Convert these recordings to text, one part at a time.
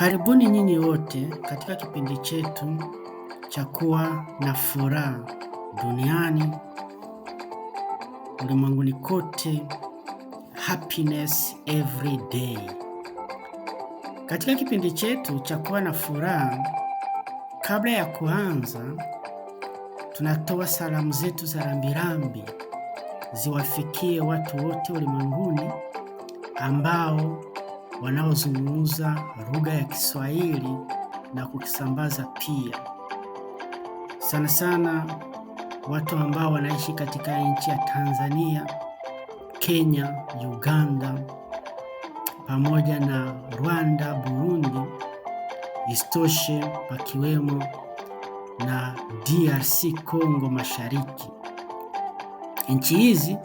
Karibuni nyinyi wote katika kipindi chetu cha kuwa na furaha duniani ulimwenguni kote, happiness every day. Katika kipindi chetu cha kuwa na furaha, kabla ya kuanza, tunatoa salamu zetu za rambirambi ziwafikie watu wote ulimwenguni ambao wanaozungumza lugha ya Kiswahili na kukisambaza pia, sana sana watu ambao wanaishi katika nchi ya Tanzania, Kenya, Uganda pamoja na Rwanda, Burundi, istoshe pakiwemo na DRC Kongo Mashariki. Nchi hizi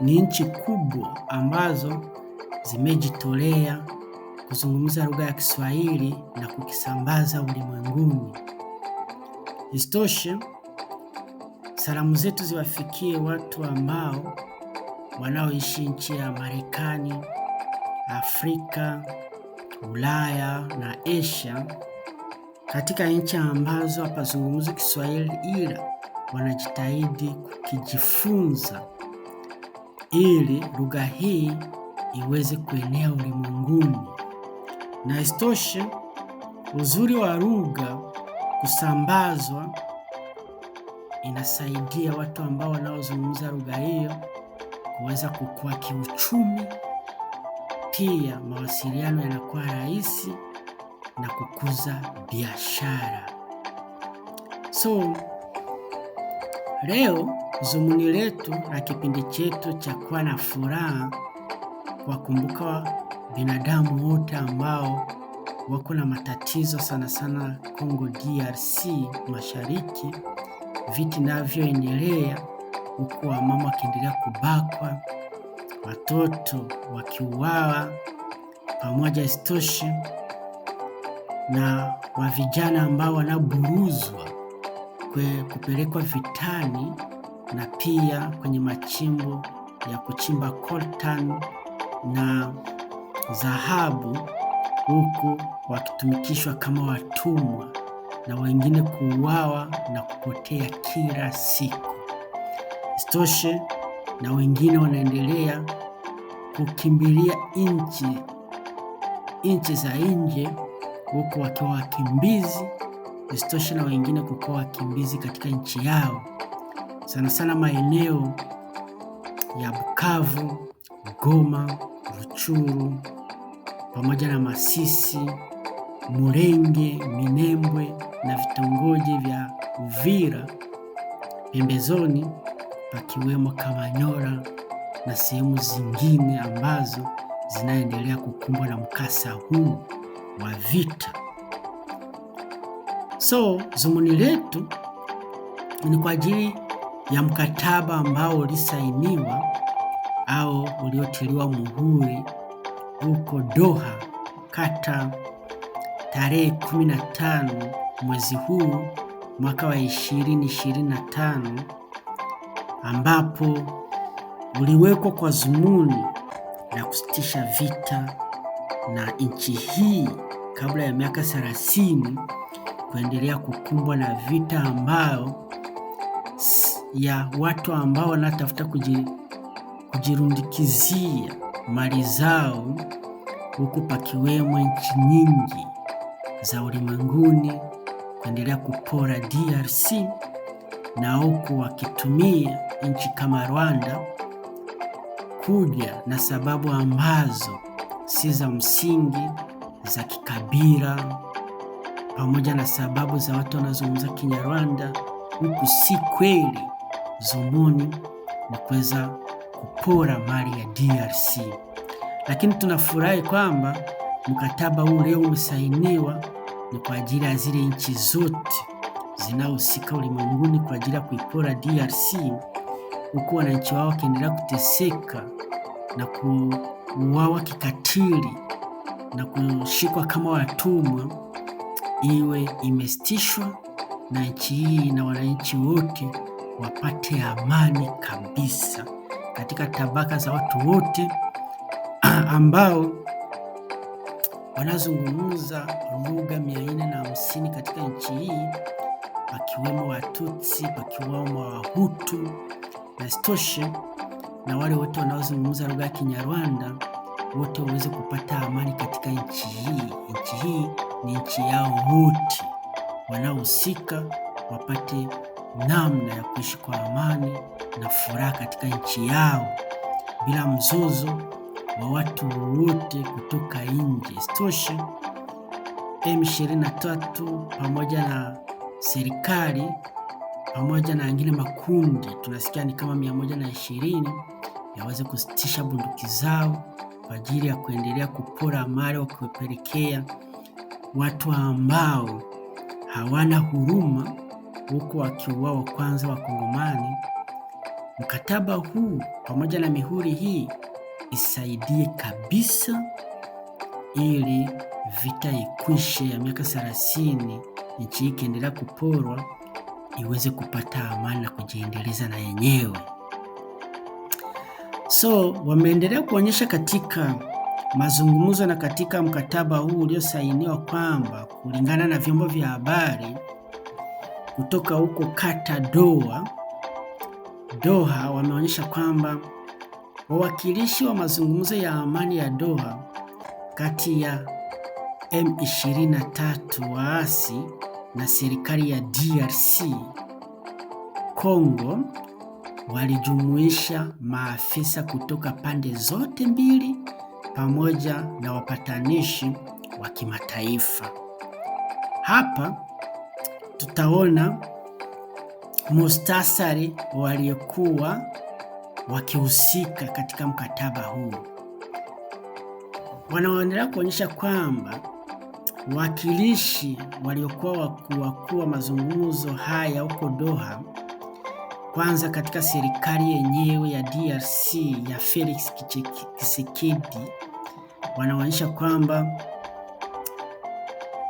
ni nchi kubwa ambazo zimejitolea kuzungumza lugha ya Kiswahili na kukisambaza ulimwenguni. Isitoshe, salamu zetu ziwafikie watu ambao wanaoishi nchi ya Marekani, Afrika, Ulaya na Asia, katika nchi ambazo hapazungumzi Kiswahili ila wanajitahidi kukijifunza ili lugha hii iweze kuenea ulimwenguni. Na isitoshe, uzuri wa lugha kusambazwa inasaidia watu ambao wanaozungumza lugha hiyo kuweza kukua kiuchumi. Pia mawasiliano yanakuwa rahisi na kukuza biashara. So leo zumuni letu la kipindi chetu cha kuwa na furaha wakumbuka binadamu wote ambao wako na matatizo sana sana Kongo DRC mashariki, vita inavyoendelea huku wamama wakiendelea kubakwa, watoto wakiuawa, pamoja isitoshe na wa vijana ambao wanaburuzwa kupelekwa vitani na pia kwenye machimbo ya kuchimba coltan na dhahabu, huku wakitumikishwa kama watumwa na wengine kuuawa na kupotea kila siku. Isitoshe, na wengine wanaendelea kukimbilia nchi nchi za nje, huku wakiwa wakimbizi. Isitoshe, na wengine kukuwa wakimbizi katika nchi yao, sana sana maeneo ya Bukavu Goma, Ruchuru pamoja na Masisi, Mulenge, Minembwe na vitongoji vya Uvira pembezoni pakiwemo Kamanyola na sehemu zingine ambazo zinaendelea kukumbwa na mkasa huu wa vita. So zumuni letu ni kwa ajili ya mkataba ambao ulisainiwa au uliotiliwa muhuri huko Doha, kata tarehe 15 mwezi huu mwaka wa 2025 ambapo uliwekwa kwa zumuni la kusitisha vita na nchi hii kabla ya miaka 30 kuendelea kukumbwa na vita ambayo ya watu ambao wanatafuta kuji kujirundikizia mali zao, huku pakiwemo nchi nyingi za ulimwenguni kuendelea kupora DRC na huku wakitumia nchi kama Rwanda kuja na sababu ambazo si za msingi za kikabila, pamoja na sababu za watu wanaozungumza Kinyarwanda, huku si kweli zumuni na kuweza kupora mali ya DRC, lakini tunafurahi kwamba mkataba huu leo umesainiwa ni kwa ajili ya zile nchi zote zinaohusika ulimwenguni kwa ajili ya kuipora DRC, huku wananchi wao wakiendelea kuteseka na kuuawa kikatili na kushikwa kama watumwa, iwe imesitishwa na nchi hii na wananchi wote wapate amani kabisa katika tabaka za watu wote ambao wanazungumza lugha 450 katika nchi hii, pakiwemo Watutsi, pakiwemo Wahutu na stoshe na wale wote wanaozungumza lugha ya Kinyarwanda wote waweze kupata amani katika nchi hii. Nchi hii ni nchi yao wote, wanaohusika wapate namna ya kuishi kwa amani na furaha katika nchi yao bila mzozo wa watu wote kutoka nje. Isitoshe, M23 pamoja na serikali pamoja na wengine makundi tunasikia ni kama mia moja na ishirini yaweze kusitisha bunduki zao kwa ajili ya kuendelea kupora mali, wakiwapelekea watu ambao hawana huruma huku wa kwanza wa Kongomani. Mkataba huu pamoja na mihuri hii isaidie kabisa ili vita ikwishe ya miaka thelathini, nchi hii ikiendelea kuporwa iweze kupata amani na kujiendeleza na yenyewe. So wameendelea kuonyesha katika mazungumzo na katika mkataba huu uliosainiwa kwamba kulingana na vyombo vya habari kutoka huko kata Doha, Doha wameonyesha kwamba wawakilishi wa mazungumzo ya amani ya Doha kati ya M23 waasi na serikali ya DRC Kongo walijumuisha maafisa kutoka pande zote mbili pamoja na wapatanishi wa kimataifa. Hapa tutaona mustasari waliokuwa wakihusika katika mkataba huu. Wanaoendelea kuonyesha kwamba wakilishi waliokuwa wakuu wakuu wa mazungumzo haya huko Doha, kwanza katika serikali yenyewe ya DRC ya Felix Tshisekedi, wanaonyesha kwamba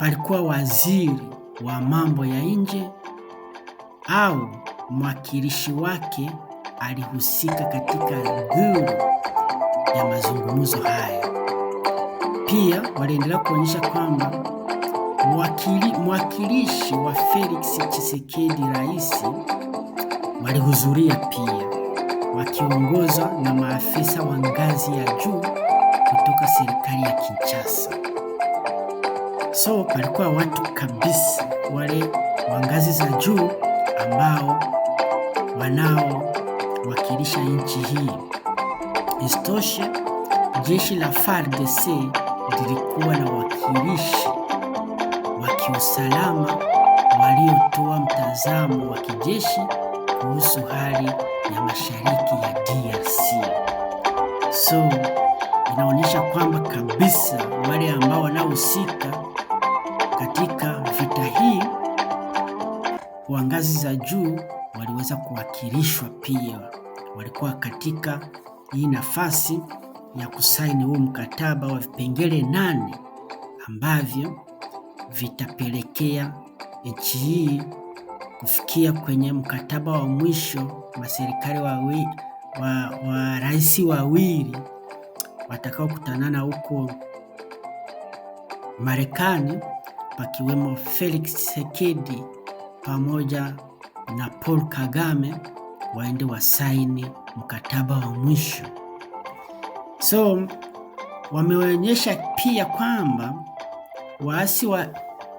palikuwa waziri wa mambo ya nje au mwakilishi wake alihusika katika duru ya mazungumzo hayo. Pia waliendelea kuonyesha kwamba mwakili, mwakilishi wa Felix Tshisekedi rais walihudhuria pia wakiongozwa na maafisa wa ngazi ya juu kutoka serikali ya Kinshasa. So palikuwa watu kabisa wale wa ngazi za juu ambao wanaowakilisha nchi hii. Istoshe, jeshi la FARDC lilikuwa na wakilishi wa kiusalama waliotoa mtazamo wa kijeshi kuhusu hali ya mashariki ya DRC. So inaonyesha kwamba kabisa wale ambao wanaohusika katika vita hii wa ngazi za juu waliweza kuwakilishwa, pia walikuwa katika hii nafasi ya kusaini huu mkataba wa vipengele nane ambavyo vitapelekea nchi hii kufikia kwenye mkataba wa mwisho wa serikali wa, wa, wa rais wawili watakaokutanana huko Marekani pakiwemo Felix Tshisekedi pamoja na Paul Kagame waende wasaini mkataba wa mwisho. So wameonyesha pia kwamba waasi wa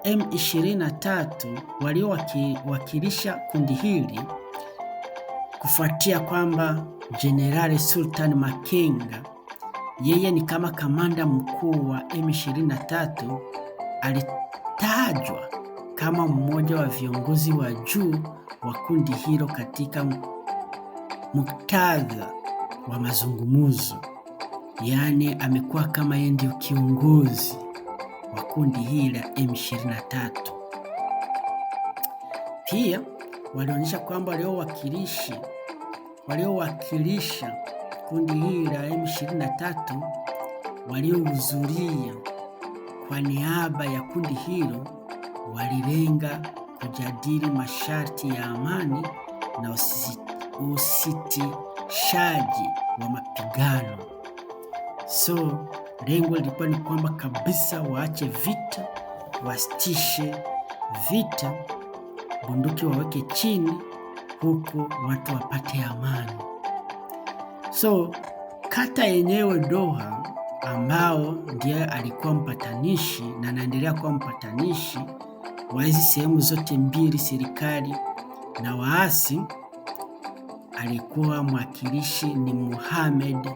M23 waliowakilisha kundi hili kufuatia kwamba Jenerali Sultan Makenga yeye ni kama kamanda mkuu wa M23 ali alitajwa kama mmoja wa viongozi wa juu wa kundi hilo katika muktadha wa mazungumzo, yaani amekuwa kama yeye ndio kiongozi wa kundi hili la M23. Pia walionyesha kwamba waliowakilisha waliowakilisha kundi hili la M23 waliohudhuria kwa niaba ya kundi hilo walilenga kujadili masharti ya amani na usitishaji wa mapigano. So lengo lilikuwa ni kwamba kabisa waache vita, wasitishe vita, bunduki waweke chini, huku watu wapate amani. So kata yenyewe Doha ambao ndiye alikuwa mpatanishi na anaendelea kuwa mpatanishi wa hizi sehemu zote mbili, serikali na waasi, alikuwa mwakilishi ni muhamed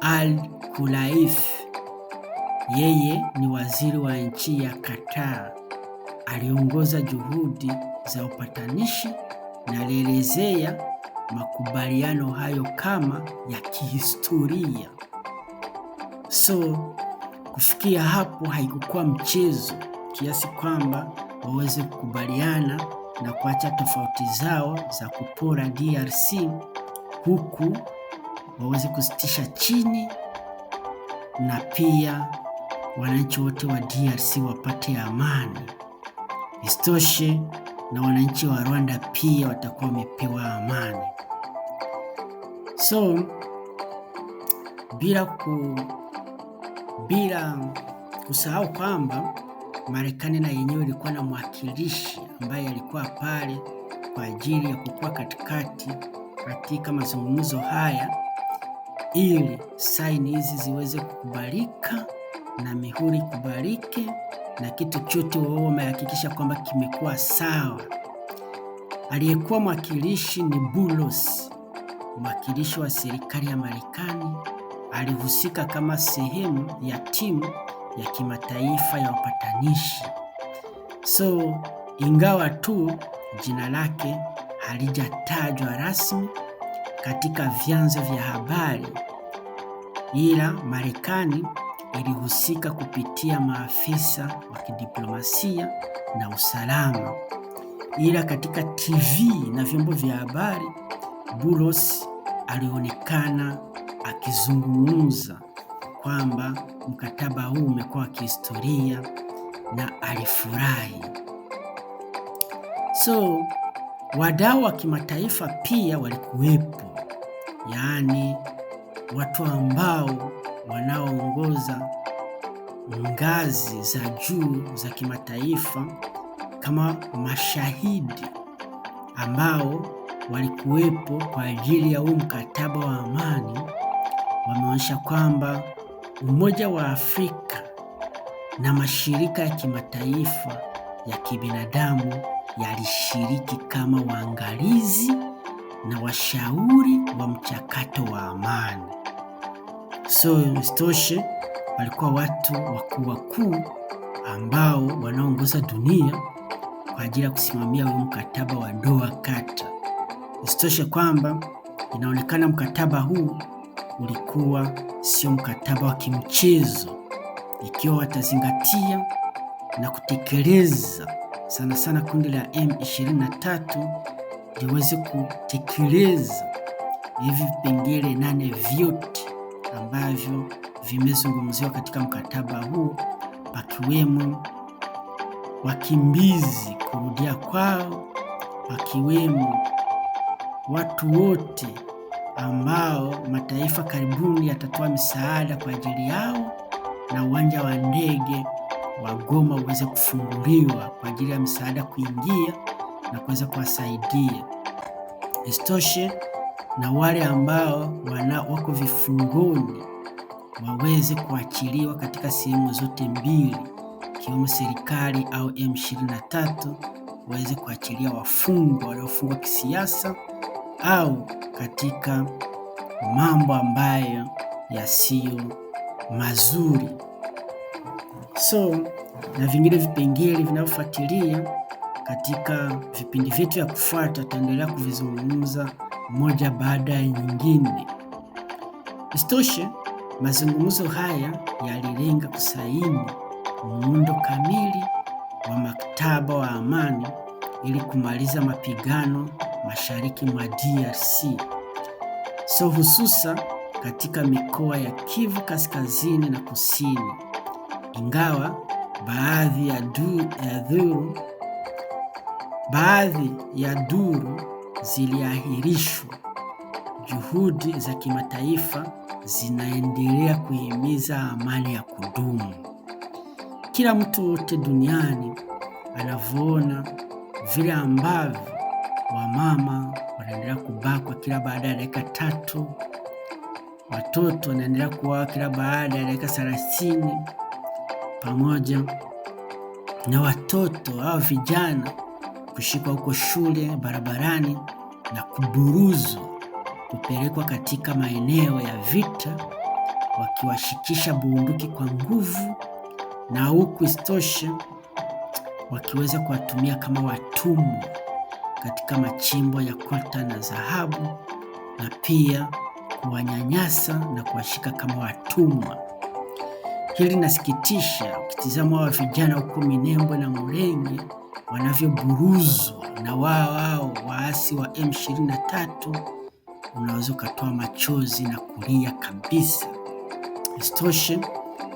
Al Kulaif. Yeye ni waziri wa nchi ya Qatar, aliongoza juhudi za upatanishi na alielezea makubaliano hayo kama ya kihistoria. So kufikia hapo haikukuwa mchezo kiasi kwamba waweze kukubaliana na kuacha tofauti zao za kupora DRC huku waweze kusitisha chini na pia wananchi wote wa DRC wapate amani. Isitoshe, na wananchi wa Rwanda pia watakuwa wamepewa amani. So bila ku bila kusahau kwamba Marekani na yenyewe ilikuwa na mwakilishi ambaye alikuwa pale kwa ajili ya kukua katikati katika mazungumzo haya ili saini hizi ziweze kukubalika na mihuri kubalike na kitu chote wao wamehakikisha kwamba kimekuwa sawa. Aliyekuwa mwakilishi ni Bulos, mwakilishi wa serikali ya Marekani Alihusika kama sehemu ya timu ya kimataifa ya upatanishi So ingawa tu jina lake halijatajwa rasmi katika vyanzo vya habari, ila Marekani ilihusika kupitia maafisa wa kidiplomasia na usalama. Ila katika TV na vyombo vya habari, Bulos alionekana akizungumza kwamba mkataba huu umekuwa wa kihistoria na alifurahi. So wadau wa kimataifa pia walikuwepo, yaani watu ambao wanaoongoza ngazi za juu za kimataifa kama mashahidi ambao walikuwepo kwa ajili ya huu mkataba wa amani wameonyesha kwamba Umoja wa Afrika na mashirika ya kimataifa ya kibinadamu yalishiriki kama waangalizi na washauri wa mchakato wa amani. So isitoshe walikuwa watu wakuu wakuu ambao wanaongoza dunia kwa ajili ya kusimamia huu mkataba wa Doha Kata. Isitoshe kwamba inaonekana mkataba huu ulikuwa sio mkataba wa kimchezo, ikiwa watazingatia na kutekeleza sana sana kundi la M23 liweze kutekeleza hivi vipengele nane vyote ambavyo vimezungumziwa katika mkataba huu, pakiwemo wakimbizi kurudia kwao, pakiwemo watu wote ambao mataifa karibuni yatatoa misaada kwa ajili yao na uwanja wa ndege wa Goma uweze kufunguliwa kwa ajili ya misaada kuingia na kuweza kuwasaidia. Isitoshe, na wale ambao wana wako vifungoni waweze kuachiliwa katika sehemu zote mbili, ikiwemo serikali au M23 waweze kuachilia wafungwa waliofungwa kisiasa au katika mambo ambayo yasiyo mazuri. So na vingine vipengele vinavyofuatilia katika vipindi vyetu vya kufuata, tutaendelea kuvizungumza moja baada ya nyingine. Isitoshe, mazungumzo haya yalilenga kusaini muundo kamili wa maktaba wa amani ili kumaliza mapigano mashariki mwa DRC, so hususa katika mikoa ya Kivu kaskazini na kusini, ingawa baadhi ya, du, ya dhuru, baadhi ya duru ziliahirishwa. Juhudi za kimataifa zinaendelea kuhimiza amani ya kudumu. Kila mtu wote duniani anavyoona vile ambavyo wamama wanaendelea kubakwa kila baada ya dakika tatu, watoto wanaendelea kuwawa kila baada ya dakika thelathini, pamoja na watoto au vijana kushikwa huko shule, barabarani na kuburuzwa kupelekwa katika maeneo ya vita wakiwashikisha bunduki kwa nguvu, na huku istoshe wakiweza kuwatumia kama watumwa katika machimbo ya kota na dhahabu na pia kuwanyanyasa na kuwashika kama watumwa. Hili linasikitisha ukitizama wa vijana huko Minembwe na Mulenge wanavyoburuzwa na wao wao waasi wa M23, unaweza ukatoa machozi na kulia kabisa. Isitoshe,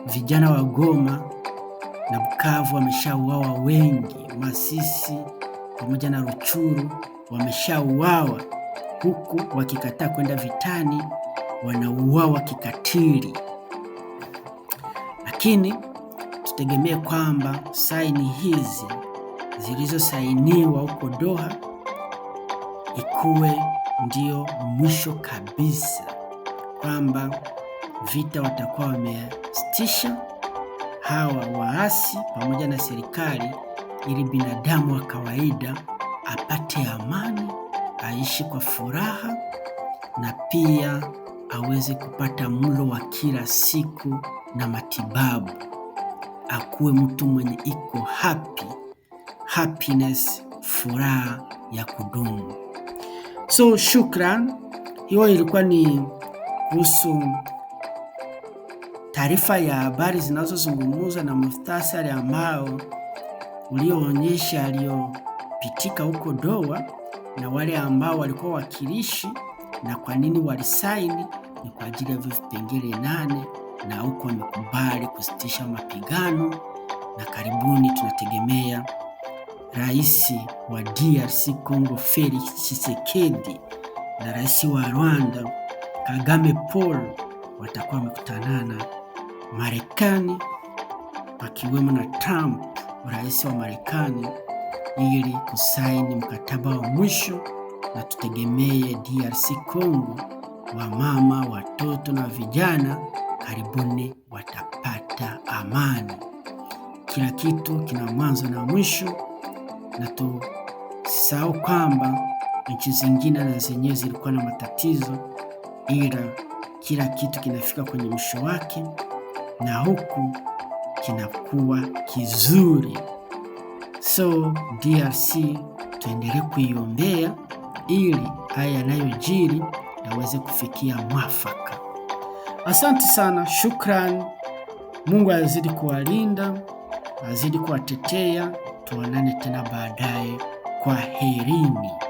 vijana wa Goma na Bukavu wameshauawa wengi, Masisi pamoja na Ruchuru wameshauawa, huku wakikataa kwenda vitani, wanauawa kikatili. Lakini tutegemee kwamba saini hizi zilizosainiwa huko Doha ikuwe ndio mwisho kabisa, kwamba vita watakuwa wamesitisha hawa waasi pamoja na serikali ili binadamu wa kawaida apate amani, aishi kwa furaha na pia aweze kupata mlo wa kila siku na matibabu, akuwe mtu mwenye iko happy, happiness, furaha ya kudumu. So shukran, hiyo ilikuwa ni kuhusu taarifa ya habari zinazozungumzwa na muhtasari ambao ulioonyesha aliyopitika huko doa na wale ambao walikuwa wakilishi na kwa nini walisaini, ni kwa ajili ya vipengele nane, na huko wamekubali kusitisha mapigano, na karibuni tunategemea rais wa DRC Congo Felix Tshisekedi na rais wa Rwanda Kagame Paul watakuwa wamekutanana Marekani, wakiwemo na Trump rais wa Marekani ili kusaini mkataba wa mwisho, na tutegemee DRC Congo, wa mama watoto na vijana karibuni watapata amani. Kila kitu kina mwanzo na mwisho, na tusisahau kwamba nchi zingine na zenyewe zilikuwa na matatizo, ila kila kitu kinafika kwenye mwisho wake, na huku kinakuwa kizuri. So DRC tuendelee kuiombea ili haya yanayojiri yaweze kufikia mwafaka. Asante sana, shukrani. Mungu azidi kuwalinda, azidi kuwatetea. Tuonane tena baadaye. kwa herini